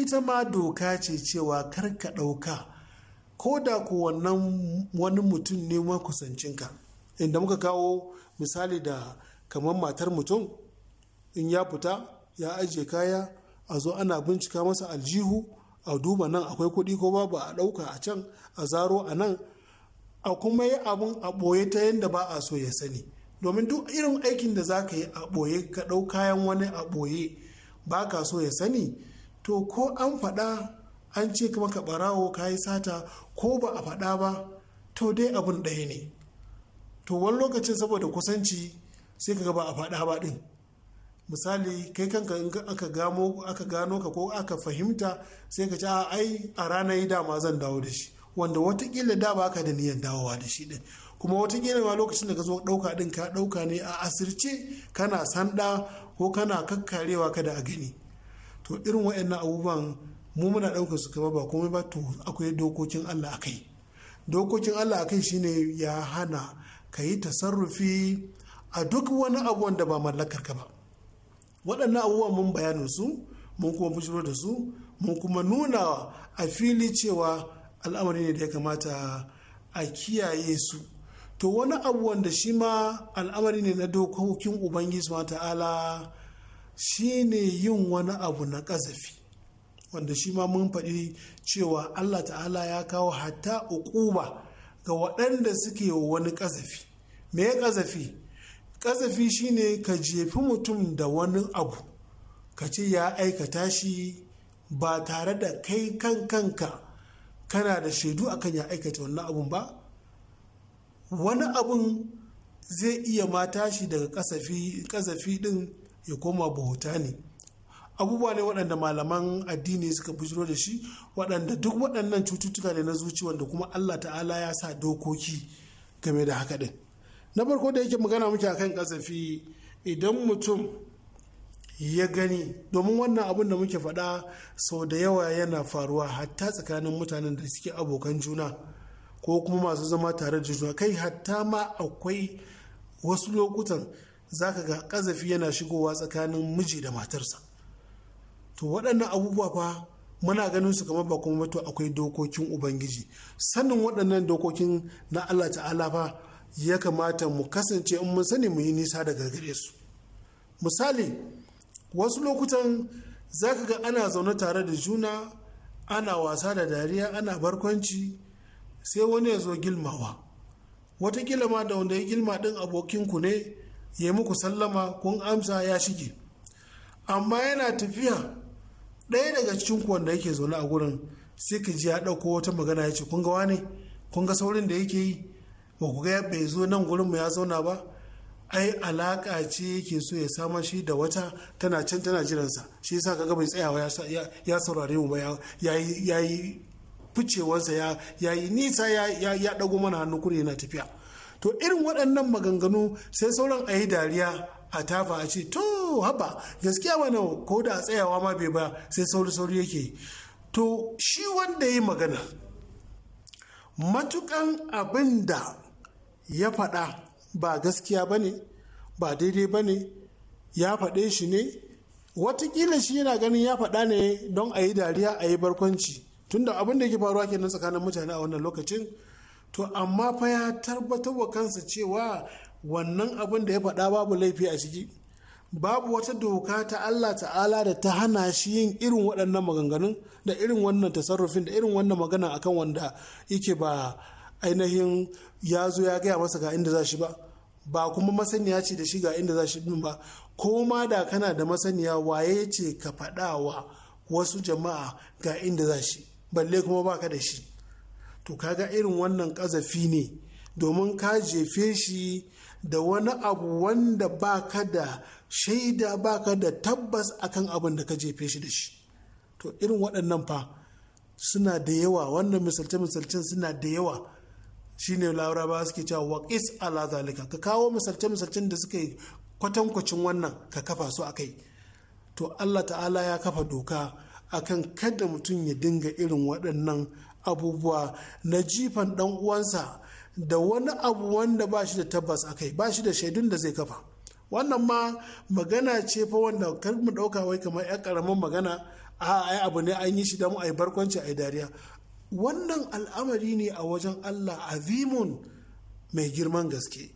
ita ma doka ce cewa kar ka ɗauka ko da ku wannan wani mutum ne kusancinka inda muka kawo misali da kamar matar mutum in ya fita ya ajiye kaya a zo ana bincika masa aljihu a duba nan akwai kuɗi ko ba a ɗauka a can a zaro a nan a kuma yi abin a ɓoye ta yadda ba a so ya sani domin duk irin aikin da za ka yi a ɓoye ka ɗau kayan wani a ɓoye ba ka so ya sani to ko an faɗa an ce kuma ka ɓarawo ka yi sata ko ba a faɗa ba to dai abin ɗaya ne to wani lokacin saboda kusanci sai ka ga ba a faɗa ba ɗin misali kai kanka in aka gamo aka gano ka ko aka fahimta sai ka ce a ah, ai a ranar yi dama zan dawo da shi wanda watakila da ba ka da niyyar dawowa da shi din kuma watakila ma lokacin da ka zo ɗauka din ka ɗauka ne a asirce kana sanda ko kana kakkarewa kada a gani to irin waɗannan abubuwan mu muna ɗaukar su kama ba komai ba to akwai dokokin Allah akai dokokin Allah a kai shine ya hana ka yi tasarrufi a duk wani abu wanda ba mallakar ka ba waɗannan abubuwa mun bayanin su mun kuma bujiro da su mun kuma nuna a fili cewa al'amari ne da ya kamata a kiyaye su to wani abu wanda shi ma al'amari ne na dokokin ubangiji ma ta'ala shi ne yin wani abu na ƙazafi wanda shi ma mun faɗi cewa allah ta'ala ya kawo hatta uquba ga waɗanda suke wani ƙazafi me ya ƙazafi ƙazafi shine ka jefi mutum da wani abu ka ce ya aikata shi ba tare da kai kan kanka kana da shaidu akan ya aikata wani abun ba wani abun zai iya mata shi daga ƙazafi din ya koma bauta ne abubuwa ne waɗanda malaman addini suka bujiro da shi waɗanda duk waɗannan cututtuka ne na zuci wanda kuma allah ta'ala ya sa dokoki game da haka ɗin na farko da yake magana muke akan kasafi idan mutum ya gani domin wannan abin da muke faɗa sau da yawa yana faruwa hatta tsakanin mutanen da suke abokan juna ko kuma masu zama tare da juna kai hatta ma akwai wasu lokutan zaka ga kazafi yana shigowa tsakanin miji da matarsa to waɗannan abubuwa fa muna ganin su kamar ba kuma akwai dokokin ubangiji sannan waɗannan dokokin na allah ta'ala fa ya kamata mu kasance in mun sani mu yi nisa daga gare su misali wasu lokutan za ka ga ana zaune tare da juna ana wasa da dariya ana barkwanci sai wani ya zo gilmawa watakila ma da wanda ya gilma ɗin abokinku ne ya yi muku sallama kun amsa ya shige amma yana tafiya ɗaya daga cikin wanda yake zaune a gurin sai ka ji ya ɗauko wata magana ya ce kun ga wane kun ga saurin da yake yi ba ku ga bai zo nan gurin mu ya zauna ba ai alaka ce yake so ya samar shi da wata tana can tana jiransa shi yasa kaga bai tsayawa ya saurare mu ba ya yi ficewarsa ya yi nisa ya dago mana hannu kure yana tafiya to irin waɗannan maganganu sai sauran a yi dariya a tafa a ce to haba gaskiya wani ko da tsayawa ma bai ba sai sauri sauri yake to shi wanda ya yi magana matukan abin da ya faɗa ba gaskiya ba ne ba daidai ba ne ya faɗe shi ne watakila shi yana ganin ya faɗa ne don a yi dariya a yi barkwanci tunda abin da ke faruwa kenan tsakanin mutane a wannan lokacin to amma fa ya tabbatar wa kansa cewa wannan abin da ya faɗa babu laifi a ciki babu wata doka ta Allah ta'ala da ta hana shi yin irin waɗannan maganganun da irin wannan tasarrufin da irin wannan magana akan wanda yake ba ainihin ya zo ya gaya masa ga inda za shi ba ba kuma masaniya ce da shi ga inda za shi din ba ko ma da kana da masaniya waye ce ka faɗa wa wasu jama'a ga inda za shi balle kuma ba ka da shi to kaga irin wannan ƙazafi ne domin ka jefe shi da wani abu wanda baka da shaida baka da tabbas akan abin da ka jefe shi da shi to irin waɗannan fa suna da yawa wannan misalce-misalcen suna da yawa shine laraba suke cewa waqis ala zalika ka kawo misalce misalcen da suka yi kwatankwacin wannan ka kafa su akai to Allah ta'ala ya kafa doka akan kada mutum ya dinga irin waɗannan abubuwa na jifan ɗan uwansa da wani abu wanda ba shi da tabbas akai ba shi da shaidun da zai kafa wannan ma magana ce fa wanda kar mu ɗauka wai kamar 'yan ƙaramin magana a ai abu ne an yi shi don a yi barkwanci a dariya wannan al'amari ne a wajen allah azimun mai girman gaske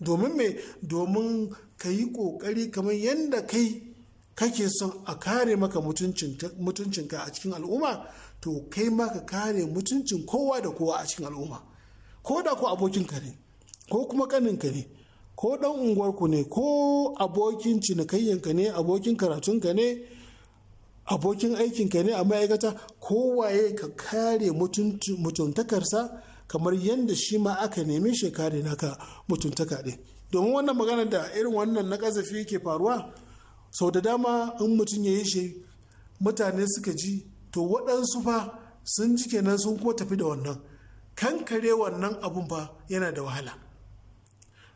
domin mai domin ka yi ƙoƙari kamar yadda kai kake son a kare maka mutuncinka a cikin al'umma to kai maka kare mutuncin kowa da kowa a cikin al'umma ko da ko abokinka ne ko kuma kaninka ne ko ɗan unguwarku ne ko abokin cinikayyanka ne abokin karatunka ne abokin aikinka ne a ma'aikata kowaye ka kare mutuntakarsa kamar yadda shi ma aka neme shi kare naka mutuntaka ne domin wannan magana da irin wannan na kazafi ke faruwa sau da dama in mutum ya yi shi mutane suka ji to waɗansu fa sun ji kenan sun ko tafi da wannan kankare wannan abun fa yana da wahala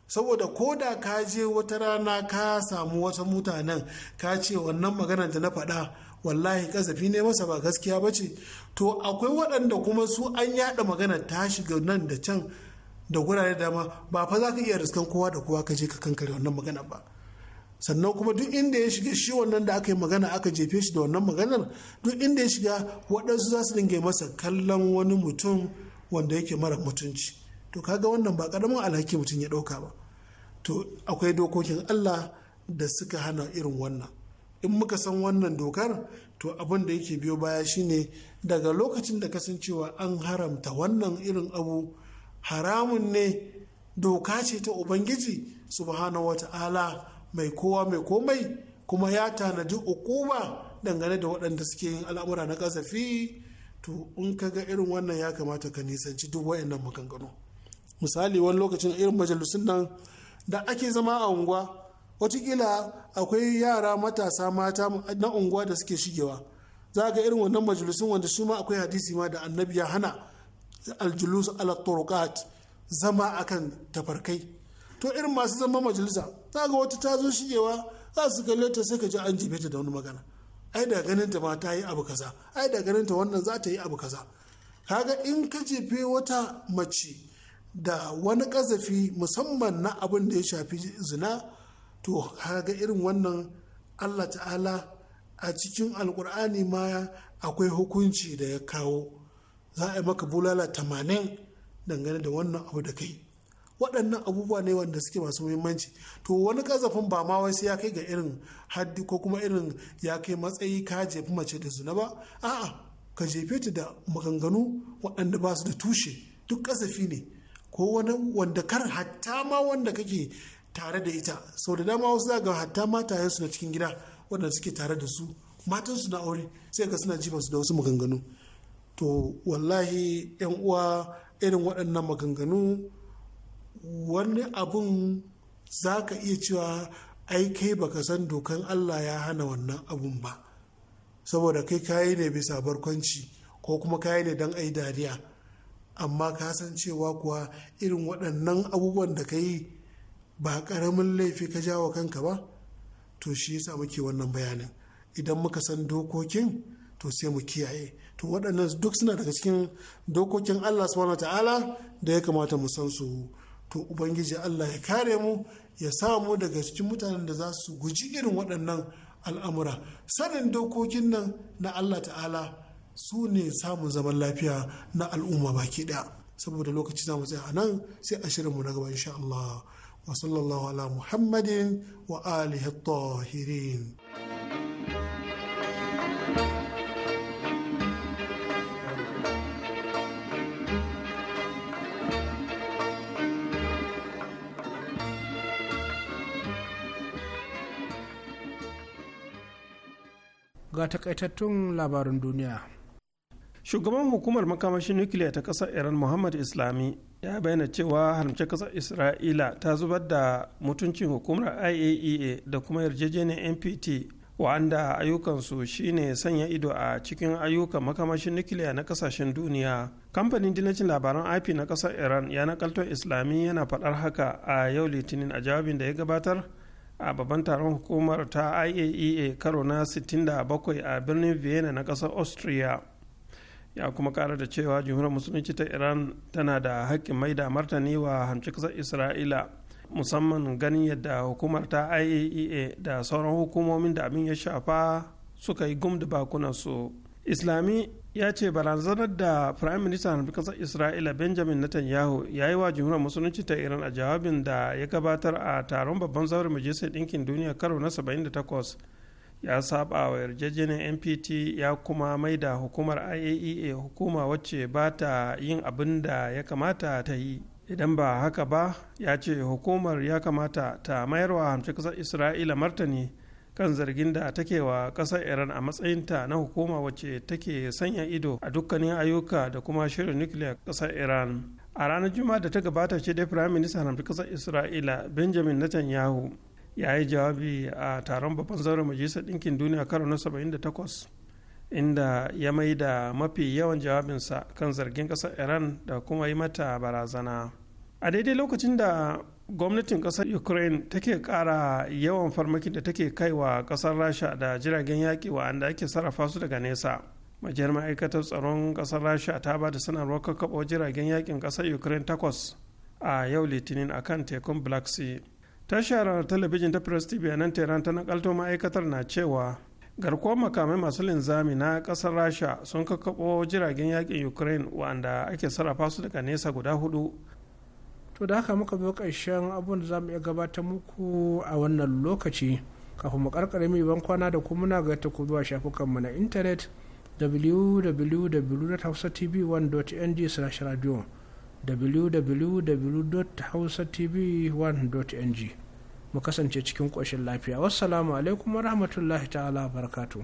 saboda ko da ka je wata rana ka samu wasu mutanen ka ce wannan magana da na faɗa wallahi kasafi ne masa ba gaskiya ba ce to akwai waɗanda kuma su an yaɗa magana ta shiga nan da can da gurare dama ba fa za ka iya riskan kowa da kowa ka je ka kankare wannan magana ba sannan kuma duk inda ya shiga shi wannan da aka yi magana aka jefe shi da wannan maganar duk inda ya shiga waɗansu za su dinga masa kallon wani mutum wanda yake mara mutunci to kaga wannan ba karamin alhaki mutum ya ɗauka ba to akwai dokokin allah da suka hana irin wannan in muka san wannan dokar to abin da yake biyo baya shine daga lokacin da kasancewa an haramta wannan irin abu haramun ne doka ce ta ubangiji subhanahu wata'ala mai kowa mai komai kuma ya tanadi ukuba dangane da waɗanda suke yin al'amura na kasafi to in ka ga irin wannan ya kamata ka nisanci duk waɗannan maganganu misali wani lokacin irin majalisun nan da ake zama a unguwa watakila akwai yara matasa mata na unguwa da suke shigewa za ga irin wannan majalisun wanda shi ma akwai hadisi ma da annabi ya hana aljulus ala turuqat zama akan tafarkai to irin masu zama majalisa za ga wata ta zo shigewa za su kalle ta sai ka ji an jibe ta da wani magana ai da ganin ta ma ta yi abu kaza ai da ganin ta wannan za ta yi abu kaza kaga in ka jefe wata mace da wani kazafi musamman na abin da ya shafi zina to haga irin wannan allah ta'ala a cikin alkur'ani ma akwai hukunci da ya kawo za a yi maka bulala tamanin dangane da wannan abu da kai waɗannan abubuwa ne wanda suke masu muhimmanci to wani kazafin ba ma wai sai ya kai ga irin haddi ko kuma irin ya kai matsayi ka jefi mace da zuna ba a'a ka jefe ta da maganganu waɗanda ba su da tushe duk kasafi ne ko wani wanda kar hatta ma wanda kake tare da ita sau da dama wasu zaga hatta su na cikin gida waɗanda suke tare da su matansu na aure sai ga suna jifansu da wasu maganganu to wallahi yan uwa irin waɗannan maganganu wani abun za ka iya cewa ai kai baka san dokan allah ya hana wannan abun ba saboda kai kayi ne bisa barkwanci ko kuma kayi ne don ai dariya amma ka san cewa kuwa irin waɗannan abubuwan da ka yi ba karamin laifi ka wa kanka ba to shi yasa muke wannan bayanin idan muka san dokokin to sai mu kiyaye to waɗannan duk suna daga cikin dokokin Allah subhanahu ta'ala da ya kamata mu san su to ubangiji Allah ya kare mu ya sa mu daga cikin mutanen da za su guji irin waɗannan al'amura sanin dokokin nan na Allah ta'ala su ne samun zaman lafiya na al'umma baki ɗaya saboda lokaci za mu tsaya a nan sai a shirin mu na gaba insha Allah wa ala muhammadin wa alihi tahirin ga takaitattun labarin duniya shugaban hukumar makamashin nukiliya ta kasar iran muhammad islami ya bayyana cewa haramci kasar isra'ila ta zubar da mutuncin hukumar iaea e da kuma yarjejeniyar npt wa'anda ayyukansu shine sanya ido a cikin ayyukan makamashin nukiliya na kasashen duniya kamfanin dinacin labaran ip na kasar iran ya nakalto islami yana faɗar haka a yau litinin a jawabin da ya gabatar a babban taron hukumar ta iaea e karo na 67 a birnin vienna na kasar austria ya kuma kara da cewa jumhuriyar musulunci ta iran tana da mai maida martani wa hamci ƙasar isra'ila musamman ganin yadda hukumar ta iaea e da sauran hukumomin da abin ya shafa suka yi gum da bakunansu islami ya ce barazanar da firayim ministan ƙasar isra'ila benjamin netanyahu ya yi wa jumhuriyar musulunci ta iran a jawabin da ya gabatar a taron babban zaurin majalisar ɗinkin duniya karo na 78 ya saba wa yarjejeniyar npt ya kuma mai da hukumar iaea e hukuma wacce ba ta yin abin da ya kamata ta yi idan ba haka ba ya ce hukumar ya kamata ta mayar mayarwa hamci kasar isra'ila martani kan zargin da take wa kasar iran a matsayinta na hukuma wacce take sanya ido a dukkanin ayyuka da kuma shirin nukiliya kasar iran a ranar juma'a da ta gabata ce dai firayim ministan hamci kasar isra'ila benjamin netanyahu ya yi jawabi a taron babban zauren majalisar ɗinkin duniya karo na 78 inda ya mai da mafi yawan jawabinsa kan zargin ƙasar iran da kuma yi mata barazana a daidai lokacin da gwamnatin ƙasar ukraine take ƙara yawan farmakin da take kaiwa ƙasar rasha da jiragen yaƙi wa'anda ake sarrafa su daga nesa majiyar ma'aikatar tsaron ƙasar rasha ta ba da sanarwar kakkaɓo jiragen yaƙin ƙasar ukraine takwas a yau litinin akan tekun black sea tashar talabijin ta press tv nan tehran ta nakalto ma'aikatar na cewa garkuwar makamai masu linzami na kasar rasha sun kakkaɓo jiragen yakin ukraine wanda ake sarrafa su daga nesa guda hudu to da haka muka zo karshen abun da za mu iya gabatar muku a wannan lokaci kafin mu karkare mai ban kwana da kuma muna ta ku zuwa shafukanmu na intanet www.hausatv1.ng/radio www.hausatv1.ng mu kasance cikin ƙoshin lafiya wassalamu alaikum warahmatullahi ta'ala barakatu